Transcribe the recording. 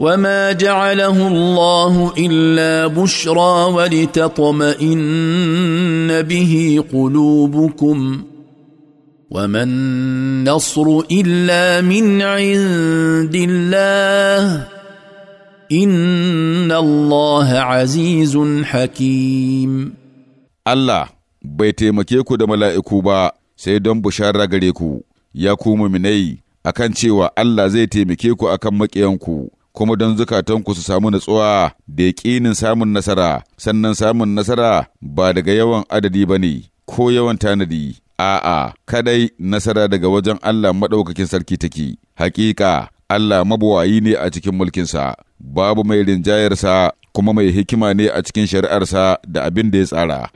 وما جعله الله الا بشرى ولتطمئن به قلوبكم وما النصر الا من عند الله ان الله عزيز حكيم الله بيتي مكيكو دا ملائكو با بشارة غريكو يا مني أكان تشيوا زيتي مكيكو أكان مكيانكو kuma don zukatanku su samu natsuwa da yaƙinin samun nasara, sannan samun nasara ba daga yawan adadi ba ne ko yawan tanadi, a'a, kadai nasara daga wajen Allah maɗaukakin sarki take. Hakika, Allah mabuwayi ne a cikin mulkinsa, babu mai rinjayarsa kuma mai hikima ne a cikin shari'arsa da abin da ya tsara.